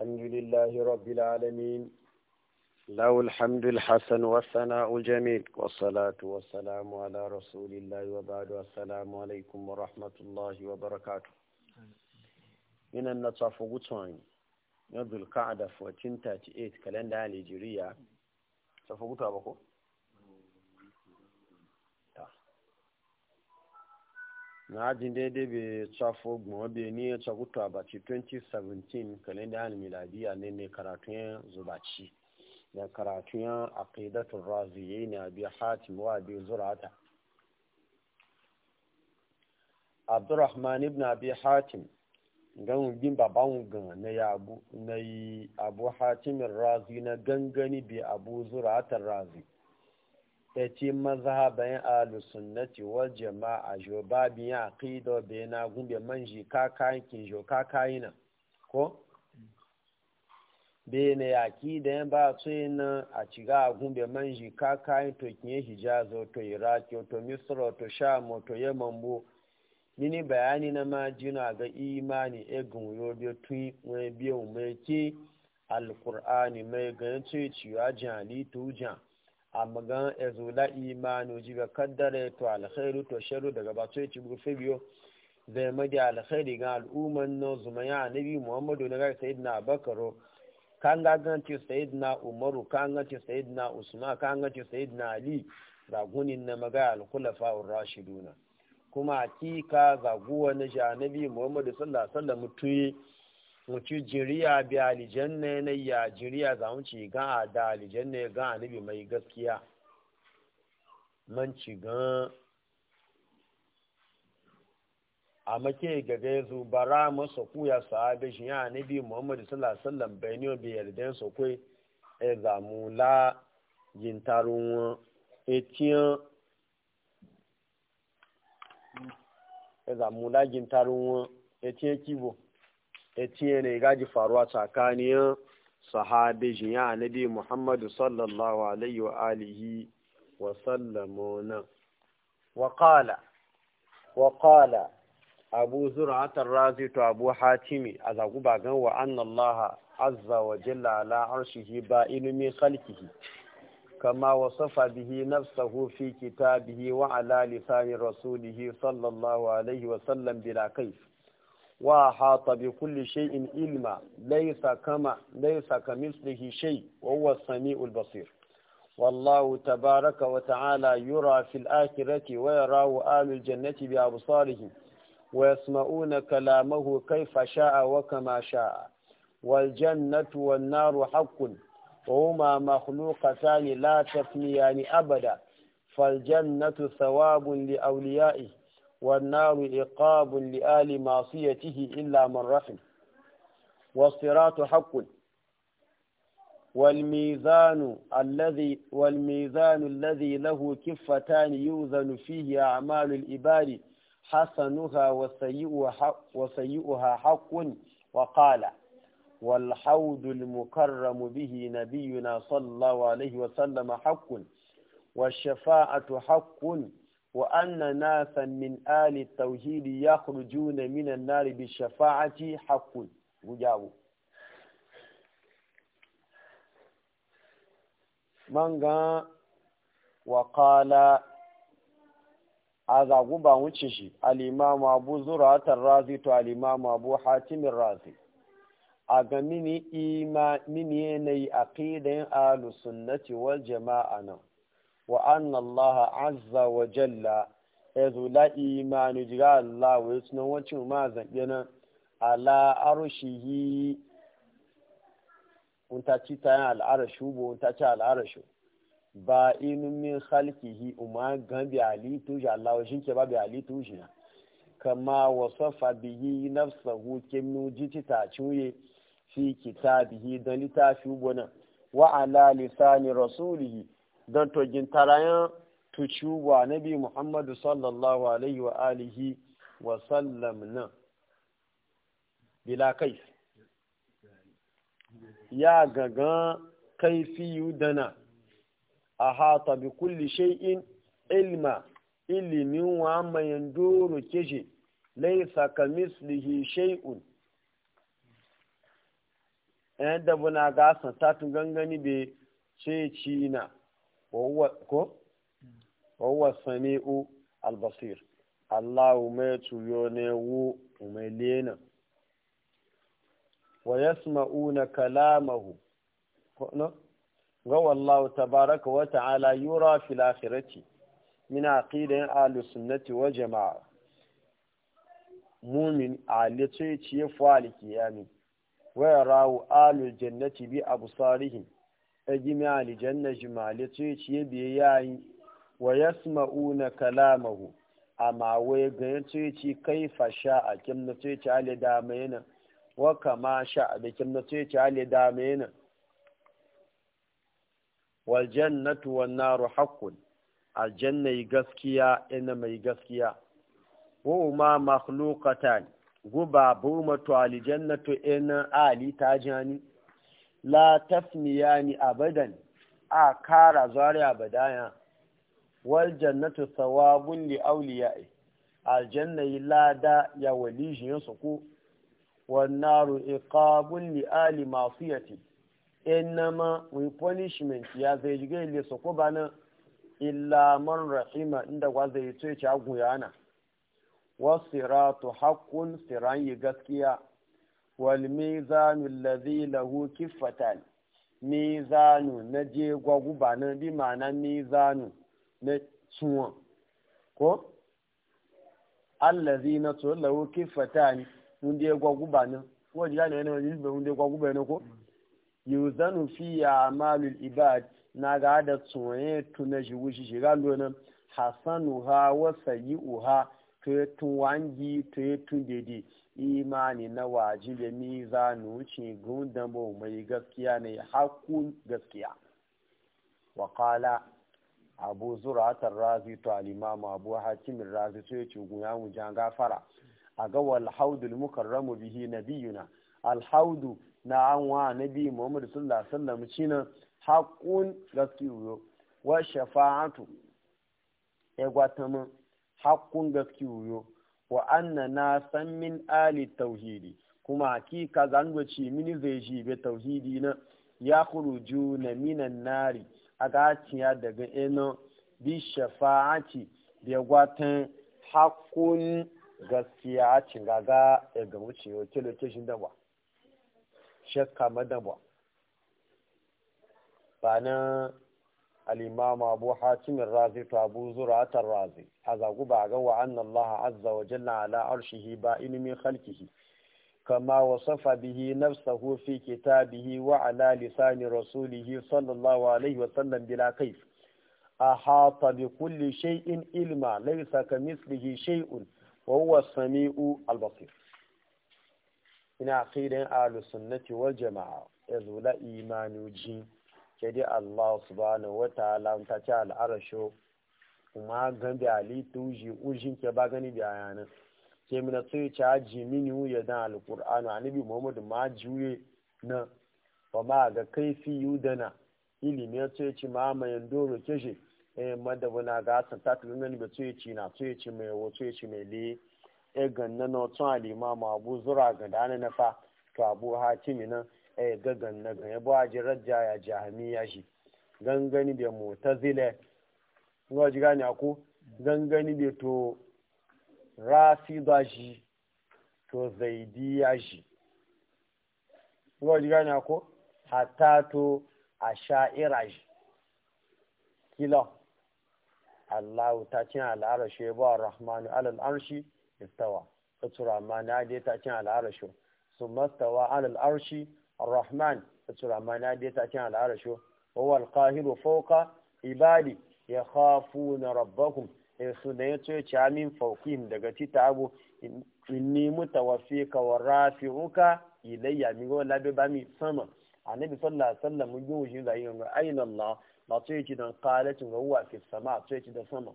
الحمد لله رب العالمين له الحمد الحسن والثناء الجميل والصلاة والسلام على رسول الله وبعد السلام عليكم ورحمة الله وبركاته من النصف غطوان يضل القعدة 1438 كالندا الهجرية صفو غطوة بكو na ajin daidai bai tsafo gbọ́n bai ni ya tsakuta a baci 2017 kalenda yan miladiya ne ne karatun zubaci da karatun aqidatul yi ne biya hati wa bi zurata abdurrahman ibn abi hatim ganin bin baban gan na ya abu na yi abu hatimin razi na gangani bi abu zurata razi ya ce mazhaban alusunnati wal jama'a jo babin aqido be na gumbe manji kakayin kin jo kakayina ko be ne akida yan ba so yana a ciga gumbe manji kakayin to kin hijazo to iraki to misra to sham to yaman bo mini bayani na ma jina ga imani egun yobe tun wani biyan mai ke alkur'ani mai ganin ciwa jali tujan amma gan ezula imanu ji ga kaddare to alkhairu to sharu daga ba to ci gufe biyo zai maji alkhairi ga al'umman no zumaya nabi muhammadu na ga sayyidina abakaro kan ga gan ci sayyidina umaru kan ga ci sayyidina usman kan ga ci sayyidina ali gunin na maga al-khulafa ar-rashiduna kuma hakika zaguwa na janabi muhammadu sallallahu alaihi wasallam tuyi mutu jiriya bi alijanna na ya jiriya za mu ci gan a da alijanna gan anabi mai gaskiya man ci gan a make gaga ya zubara masa ya sahabi shi anabi muhammadu sallallahu alaihi wasallam bai ne bi yardan sa kai e za mu la jintarun etiyan e za mu la jintarun etiyan kibo etiye ne gaji faruwa tsakanin sahabe jiya annabi muhammadu sallallahu alaihi wa alihi wa sallamuna wa qala wa qala abu zur'atar razi to abu hatimi a zagu bagan wa annallaha azza wa كما وصف به نفسه في كتابه وعلى لسان رسوله صلى الله عليه وسلم بلا كيف وأحاط بكل شيء علما ليس كما ليس كمثله شيء وهو السميع البصير والله تبارك وتعالى يرى في الآخرة ويراه آل الجنة بأبصارهم ويسمعون كلامه كيف شاء وكما شاء والجنة والنار حق وهما مخلوقتان لا تفنيان أبدا فالجنة ثواب لأوليائه والنار عقاب لآل معصيته إلا من رحم والصراط حق والميزان الذي والميزان الذي له كفتان يوزن فيه أعمال الإبار حسنها وسيئها حق وقال والحوض المكرم به نبينا صلى الله عليه وسلم حق والشفاعة حق وأن ناسا من آل التوحيد يخرجون من النار بالشفاعة حق مجاو من وقال هذا غبا وششي الإمام أبو زرعة الرازي تو الإمام أبو حاتم الرازي أغمني إيمان mini ima آل yanayi aqidan ahlus وأن الله عز وجل wa jalla إيمان zula الله ويسنو Allah ما yasu على عرشه ma zaɓe nan ala arushihi unta ci ta yin ci ba inu min khalqihi umma gan bi ali tuji Allah wa shinke ba bi ali tuji na kama wasafa bihi nafsahu kimnu ci ta cuye fi kitabihi wa ala lisani rasulihi don togin tarayen tuciwa na bi muhammadu sallallahu alaihi wa alihi wa sallam nan bila kai ya kai kaifi dana a hata bi kulli shay'in ilma ilimin wa mayan doro keje laisa ka mislihi shay'un yan da gasa ta tun gangani be ce ci na wa sami'u albasir allahu mai tuyo ne wu mai lena wa yasma'una kalamahu ga wallahu tabaraka wa ta'ala yura fil akhirati min aqidatin ahlus sunnati wa jama'a mumin alice ciye fa alkiyami wa yarawu ahlul jannati bi absarihim ajimi alijanna jimale tun ciye biye yayi wa yasma'una kalamahu amma wai ga tun ci kai fasha a kim na tun ci ale da mai na wa kama sha da kim na tun ci ale da mai na wal jannatu wan naru haqqun yi gaskiya ina mai gaskiya wa ma makhluqatan guba bu matu aljannatu ina ali tajani la tafniya ni abadan a kara zari badaya wal jannatu thawabun li awliya'i aljanna lada ya wali shi ku wan naru iqabun li ali masiyati innama we punishment ya zai jige le ku bana illa man rahima inda kwa zai ce ci wasiratu haqqun siran yi gaskiya wal mizanu allazi lahu kiffatan mizanu na je gwaguba na bi ma'ana mizanu na tsuwa ko allazi na to lahu kiffatan mun je gwaguba na ko ji gane ne wani mun je gwaguba na ko yuzanu fi a'malul ibad na ga da tsoye tuna shi wushi shiga lona hasanuha wa sayi'uha to ya tun wangi to tun daidai imani na wajibi mizanu ce gundan bo mai gaskiya ne hakun gaskiya wa qala abu zuratar razi to alimamu abu hakimin razi to ya ce guya mu jan gafara a ga wal haudul mukarramu bihi nabiyuna al alhaudu na an wa nabi muhammad sallallahu alaihi wasallam nan haqqun gaskiyo wa shafa'atu e gwatama gaskiyo wa anna na san min ali tauhidi kuma hakika zango ci mini zai ji be tauhidi na ya kuruju na minan nari a gaciya daga ino bi shafa'ati da gwatan hakun gaskiya a cin gaga ya gamu ce yau ke lokacin da shakka madaba ba na الإمام أبو حاتم الرازي فأبو زرعة الرازي هذا قبع قوى أن الله عز وجل على عرشه بائن من خلقه كما وصف به نفسه في كتابه وعلى لسان رسوله صلى الله عليه وسلم بلا كيف أحاط بكل شيء علما ليس كمثله شيء وهو السميع البصير إن أخيرا أهل السنة والجماعة إذ لا إيمان جين sai dai Allah subhanahu wa ta'ala ta ce al'arasho kuma gan da alitu ji ujin ke ba gani da yanan ke mina sai ta ji mini ya dan a annabi Muhammad ma juye na ba ma ga kaifi dana ilimi tsaye ci ma mai doro keshe eh madabuna ga san ta tunan ba tsaye ci na tsaye ci mai wo tsaye ci mai le eh ganna no tun al ma Abu Zura ga dana na fa to Abu hakimi na. ɗaya eh, gagan na gan ya ba ji rajja ya ya shi gangani da mutazila ngo ji gani ko gangani da to rafi ba shi to ya shi ngo ji gani ko hatta to a sha'ira shi kila Allah ta cin al'arashi ba rahmanu alal arshi istawa ta tura ma na dai ta cin al'arashi su mastawa alal arshi الرحمن الرحمن أدي تأتي على العرش وهو القاهر فوق عبادي يخافون ربهم sunayen tsoye camin faukim daga tita abu inni mutawafi ka wa rafi'uka ilayya mi go labe ba mi sama annabi sallallahu alaihi wasallam mun yiwu shi zai yanga ayna allah la tsoye ci dan qalat ga huwa fi sama tsoye ci da sama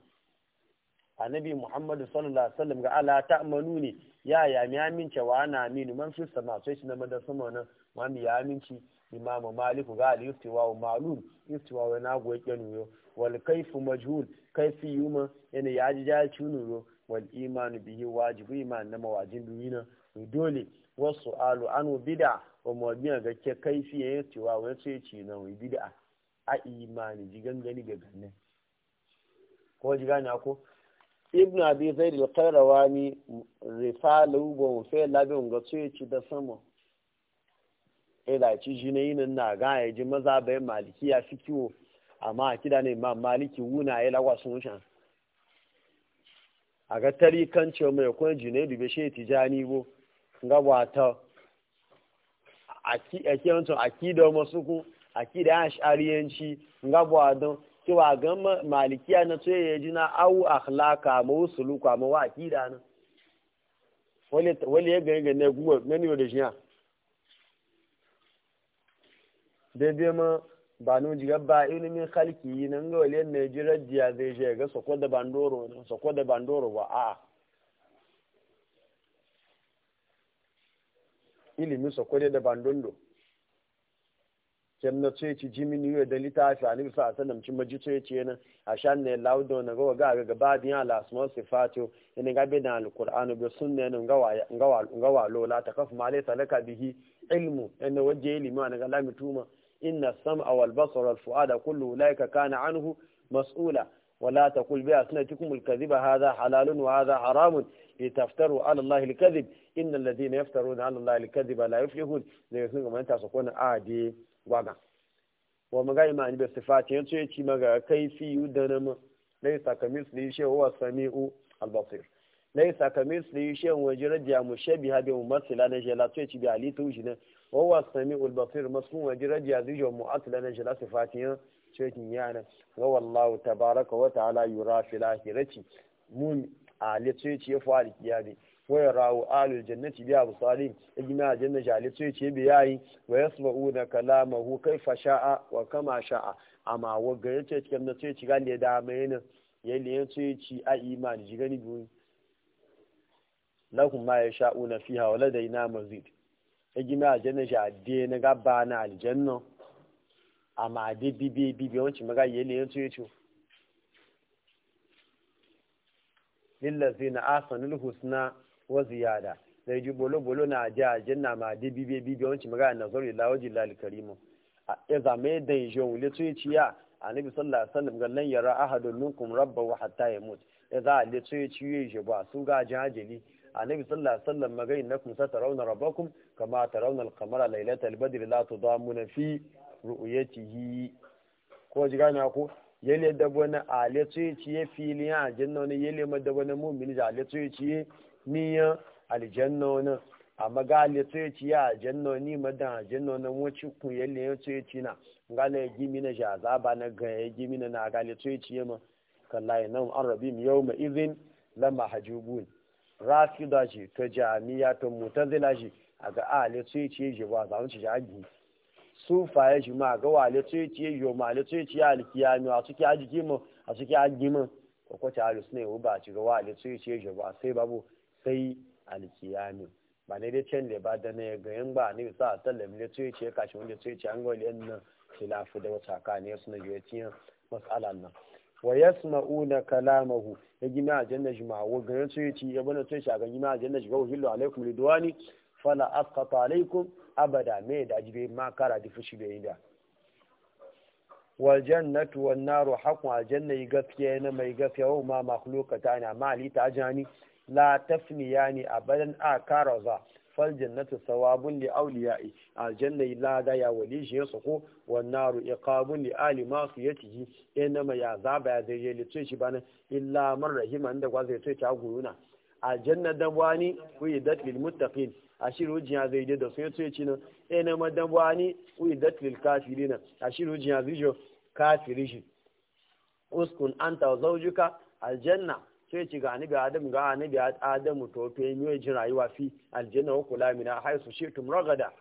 annabi muhammad sallallahu alaihi wasallam ga ala ta'manuni ya ya mi amin cewa ana aminu man fi sama tsoye ci na sama nan wani ya aminci imamu maliku ga al istiwa ma'lum istiwa wa nago yake yo wal kayfu majhul kayfi yuma yana ya ji ja yo wal imanu bihi wajibu iman na mawajin duniya dole wasu alu anu bid'a wa mawabiyan ga ke kayfi ya istiwa wa sai ci na bid'a a imani ji gangani ga ganne ko ji gani ko ibn abi zaid al-qayrawani rifalu bon fe labin ga sai ci da sama ilaci eh, shi ne yinin na ga ya ji maza bai maliki ya fi kiwo amma a kida ne ma maliki wuna ya lagwa sun shan a ga tari kan ce mai kwan jine dube shi tijani bo ga wata a kiyancin akidar masu ku akidar ashariyanci ga wadon cewa ga malikiya na tsoye ya ji na awu akhlaka ma wasu lukwa ma wa akida na wani ya gani gani gugu gani wa da shi ya daidai ma ba nu jiga ilimin halki yi nan ga wale ne jiya zai shi ga sako da bandoro sako da bandoro ba a ilimin sako da bandondo kem na ce ci jimi ni da litafi ani sa ta cin maji ce ce a shan ne laudo na ga ga ga gaba biyan ala asma sifatu ina ga be da alquran be sunne nan ga lola ta kaf male talaka bihi ilmu ina waje ilimi wani ga lamituma tuma inna sama wal basar wal fu'ada kullu laika kana anhu mas'ula wala taqul bi asnatikum al kadhiba hadha halalun wa hadha haramun litaftaru ala allahi al kadhib inna alladhina yaftaruna ala allahi al kadhiba la yuflihun da yasun kuma ta adi waga wa maga imani bi sifati yace yace maga kaifi yudanama laysa kamithli shay'un wa sami'u al basir laisa kamithlihi shay'un wa jiraja mushabiha bi mumathila na jela to ci bi ali to jina wa huwa samiul basir masmu wa jiraja zijo mu'athila na jela sifatiyan cikin yana wa wallahu tabaraka wa ta'ala yura fil akhirati mun ali to ci ya fa'al bi wa yarawu alul jannati bi abu salim ijma janna ali to ci bi yayi wa yasma'una kalamahu kaifa sha'a wa kama sha'a amma wa ga yace cikin na to ci ga le da mai ne yayin to ci a imani ji gani biyu lahum ma yasha'una fiha wa ladaina mazid ma ajene ja de na ba na aljanna ama de bibi bibi wancin maga yele lil ladina lillazina al husna wa ziyada da ji bolo bolo na ja aljanna ma de bibi bibi wancin maga nazaru la wajhi lil karim ya zame da le tu tuci ya annabi sallallahu alaihi wasallam lan yara ahadun minkum rabbahu hatta yamut ya za a le tuci ya ba su ga jajili annabi sallallahu alaihi wasallam magai innakum satarawna rabbakum kama tarawna al-qamara laylatal badri la tudamuna fi ru'yatihi ko ji gane ko yele da bona ale filiya ciye fili aljanna wani yele ma da bona mu'min da ale tsoye ciye niyan aljanna wani amma ga ale tsoye ciye aljanna wani ma da aljanna wani wacce ku yele ya tsoye ci na ngala ya gimi na jaza ba na ga ya gimi na na ga ale ciye ma kallahi nam an rabi idhin yau ma izin lamma hajubun rafida shi ta jami'a to mutazila shi a ga ale tsoye ciye ce ba za ci jagi faye shi ma ga wale tsoye ce shi ma ale tsoye ciye alkiyami a suke ajiki mu a suke agi mu ko kwace alu suna yi ba ci ga wale tsoye ce shi ba sai babu sai alkiyami ba ne dai can da ba da ne ga yan ba ne sa sallam ne ce ciye kashi wanda tsoye ce an gwale yan nan khilafu da wata ka ne suna yi tiyan mas'alan nan wa yasma'una kalamahu ya gima aljanna shi ma wa garin su yaci ya bana tun shagan gima aljanna shi gawo hillu alaikum ridwani fala asqata alaikum abada me da ajibe ma kara di fushi da ida wal jannatu wan naru haqqu aljanna gaskiya na mai gaskiya wa ma makhluqata ana ma ali ta jani la tafniyani abadan akaraza fal jannatu sawabun li awliya'i aljanna da ya wali shi ya ko wan naru iqabun li ali ma su yatihi inna ma ya zaba ya zai je litse shi bana illa man rahima inda kwa zai tsaye a guruna aljanna dabwani uidat lil muttaqin ashiru jiya zai da su yace ci nan inna ma dabwani uidat lil kafirina ashiru jiya zai jo kafirishi uskun anta wa zawjuka aljanna sai ci ga anabi adam ga anabi adam to fe jin rayuwa fi aljanna wa kula mina haisu shi'tum ragada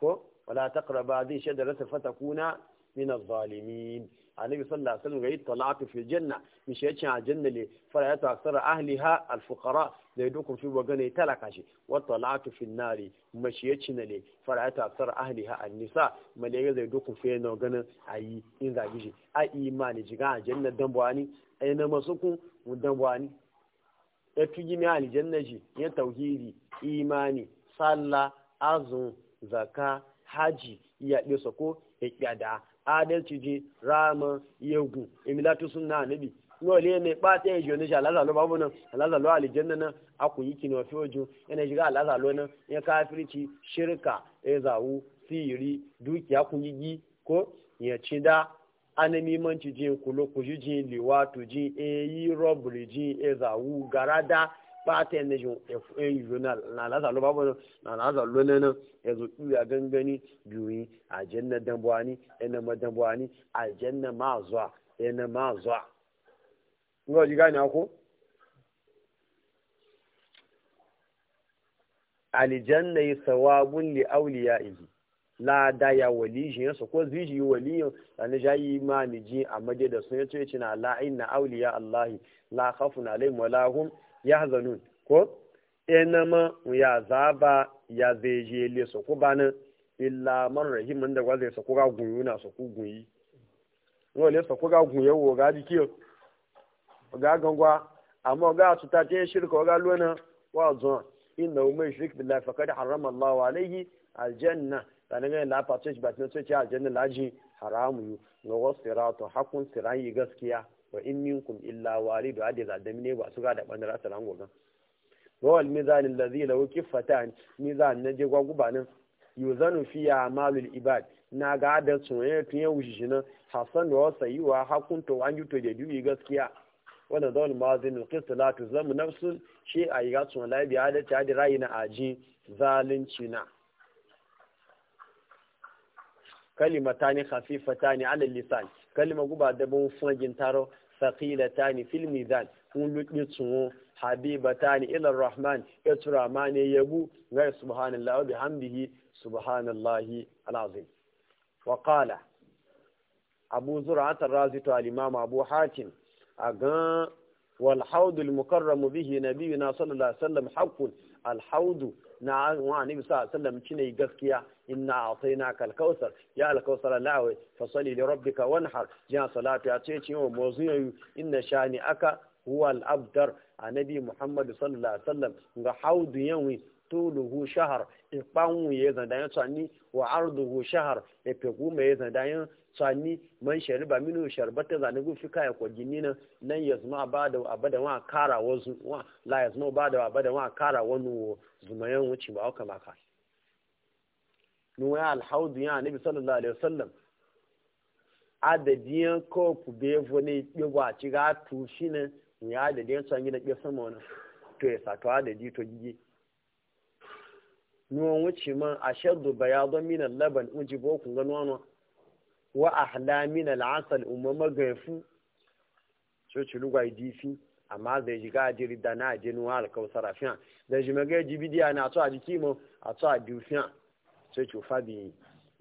ko wala taqraba zai shadarata fatakuna min az-zalimin annabi sallallahu alaihi wasallam ga yi talatu fi janna mi shi yacin aljanna le fara ya ta aksara ahliha al-fuqara da ya dukun fi wagana ya talaka shi wata latu fi nari mashi ya cina ne fara'ata asar ahli ha an nisa malaga zai dukun fi yana ganin a yi in zagi shi a imani jiga a jannar dambuwani a yana masu kun dambuwani ya fi gini aljanna shi ya tauhiri imani sallah azun zaka haji ya ɗesa ko ya ƙyada adalci ji rama yagu emilatu sunna nabi no le ne ba ta yi e joni sha lazalo babu nan lazalo aljanna nan aku yi kino fojo yana shiga lazalo nan ya kafirci shirka ya zawu sihiri dukiya ku yi ko ya ci da anamimanci jin kulo ku ji jin liwatu jin eyi robbery jin e, e zawu garada bata yana jin e fayi journal na lazalo babu nan na lazalo nan nan ya zo iya gangani biyu aljanna dambuwani yana ma dambuwani aljanna ma zuwa yana ma zuwa ngo ji gane ko aljanna yi sawabun li ihi la da ya wali shi yansu ko ziji wali yana ja yi ma ni ji a maje da sun yace na la inna awliya allah la na alaihim wala ya yahzanun ko enama ya zaba ya zeje le so ko bana illa man rahimin da gwazai su ko ga guyuna so ko guyi ngo le su ko ga guyewo ga dikiyo ga gangwa amma ga su ta ce shirka ga lona wa zuwa inna umma shirk billahi faqad harrama Allahu alayhi aljanna sanan ga la fata shi batun sai ce aljanna laji haramu ga sirato hakun sirayi gaskiya wa in minkum illa walidu adi ga da ba su ga da bandara sanan gogan wal mizanin allazi lahu kifata mizanin na je gwagubanin yuzanu fiya malul ibad na ga da tsoye tun yau shi shi nan hasan da wasa yi wa hakun an yi to da gaskiya wanda zaul mazin alqist la tuzlamu nafsun shi a yi gatsu wallahi bi adalci hadi rayu na aji zalunci na kalimatani khafifatani ala lisan kalima guba da bun fagin taro saqilatani fil mizan kun lutsi tsuwo habibatani ila rahman yatura mane yabu ga subhanallahi wa bihamdihi subhanallahi alazim wa qala abu zur'at ar-razi to al-imam abu hatim a gan walhaudu mukarramu bihi nabiyu na sallallahu alaihi wasallam haqqun alhaudu na wa annabi sallallahu alaihi wasallam gaskiya inna atayna kal kawsar ya al kawsar lawe fa sali li rabbika wanhar ya salati ya ce ce mu mozuyu inna shani aka huwa al abdar annabi muhammad sallallahu alaihi wasallam ga haudu yanwi tuluhu shahar ipanwu ye zan dan ni wa arduhu shahar epegu me zan dan sani man shariba minu sharbata zane gun fi kaya kwa gini nan nan ya zuma ba abada wa kara wa zuma la ya zuma ba abada wa kara wani wo zumayen wuce ba aka maka nuwa alhaudu ya nabi sallallahu alaihi wasallam adadiyan ko ku be vone gbewa ci ga tu shi ne ya adadiyan tsangi da gbe sama wani to ya sato adadi to gige nuwa wuce man ashaddu bayadon minan laban ujibo kun ga wa ahla al'asal umma gafu so ci lugwa difi amma zai ji jiri da na jinuwa alkausara fiya da ji maga ji bidiya na to a jiki mu a to a so ci fabi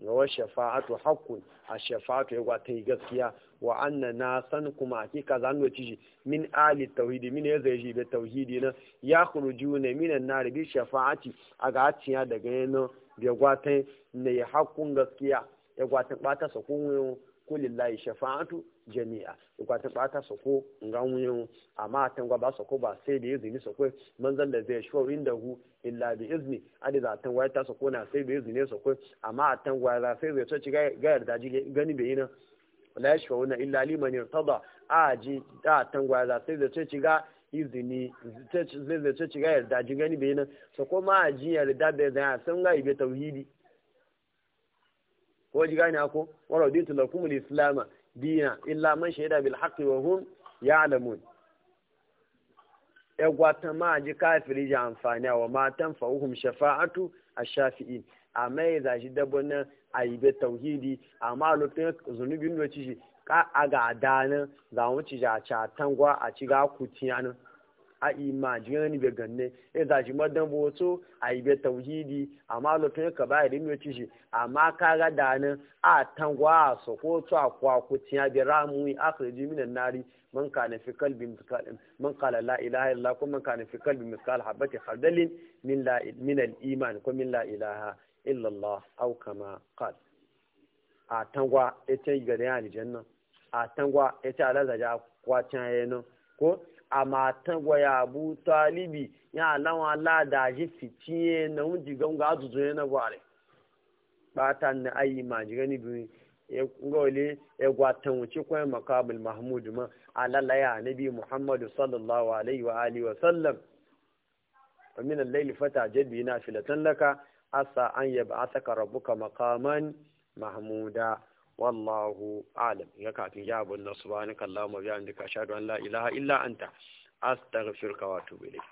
ga wa shafa'atu haqqun a shafa'atu ya gwata yi gaskiya wa anna na san kuma hakika zan ga ciji min ali tauhidi min ya zai ji be tauhidi na ya khuruju ne min an-nar bi shafa'ati aga atiya daga yana bi gwata ne hakun gaskiya ya gwata bata sa ko wuyo ko lillahi shafa'atu jami'a ya gwata bata sa ko ngan wuyo amma a gwa ba sa ko ba sai da izini sa ko manzan da zai shawo inda hu illa bi izni adi za tan waya ta sa ko na sai da izini sa ko amma a gwa za sai zai ci ga yarda ji gani bai na la yashfa'u illa liman irtada aji da tan gwa za sai zai ci ga izini zai zai ci ga yarda ji gani bai na sa ko ma aji yarda bai zai san ga ibe tauhidi ko ji gane ko wa raditu lakum al-islam dina illa man shahida bil haqqi wa hum ya'lamun ya gwata ma ji kafiri ji amfani wa matan fa'uhum shafa'atu ash-shafi'in amma ya zashi dabbana ayibe tauhidi amma lokacin zunubin da ci shi ka aga dana za mu ci ja cha tangwa a ci ga kutiyanin a imajin be ganne e za ji madan boto a ibe tauhidi amma lokacin ka ba irin yace shi amma kaga da nan a tangwa a ko to a ku tiya bi ramu akhriji minan nari man na fi kalbi mithqal man qala la ilaha illa kuma man na fi kalbi mithqal habati khardalin min la min al iman ko min la ilaha illa allah aw kama qala a tangwa ita e gare janna a tangwa ita e alazaja kwacin yayin ko a matan gwaya abu talibi ya alawa lada ji fitiye na wunji ga azuzu ne na gware bata na ayi ma ji gani bi ya gole ya gwatan wuce kwayan makabul mahmud ma alalaya nabi muhammadu sallallahu alaihi wa alihi wa sallam ومن الليل فتعجل به نافلة asa عسى أن يبعثك ربك مقاما mahmuda wallahu alam ya kafin ya abun na subhanaka allahumma bihamdika ashhadu sha don ilaha illa anta astaghfiruka wa atubu ilayk